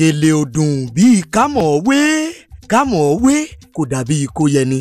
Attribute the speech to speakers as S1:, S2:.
S1: gèlè ò dùn bíi kámọ̀ọ́wé kámọ̀ọ́wé kò dàbí kóyẹni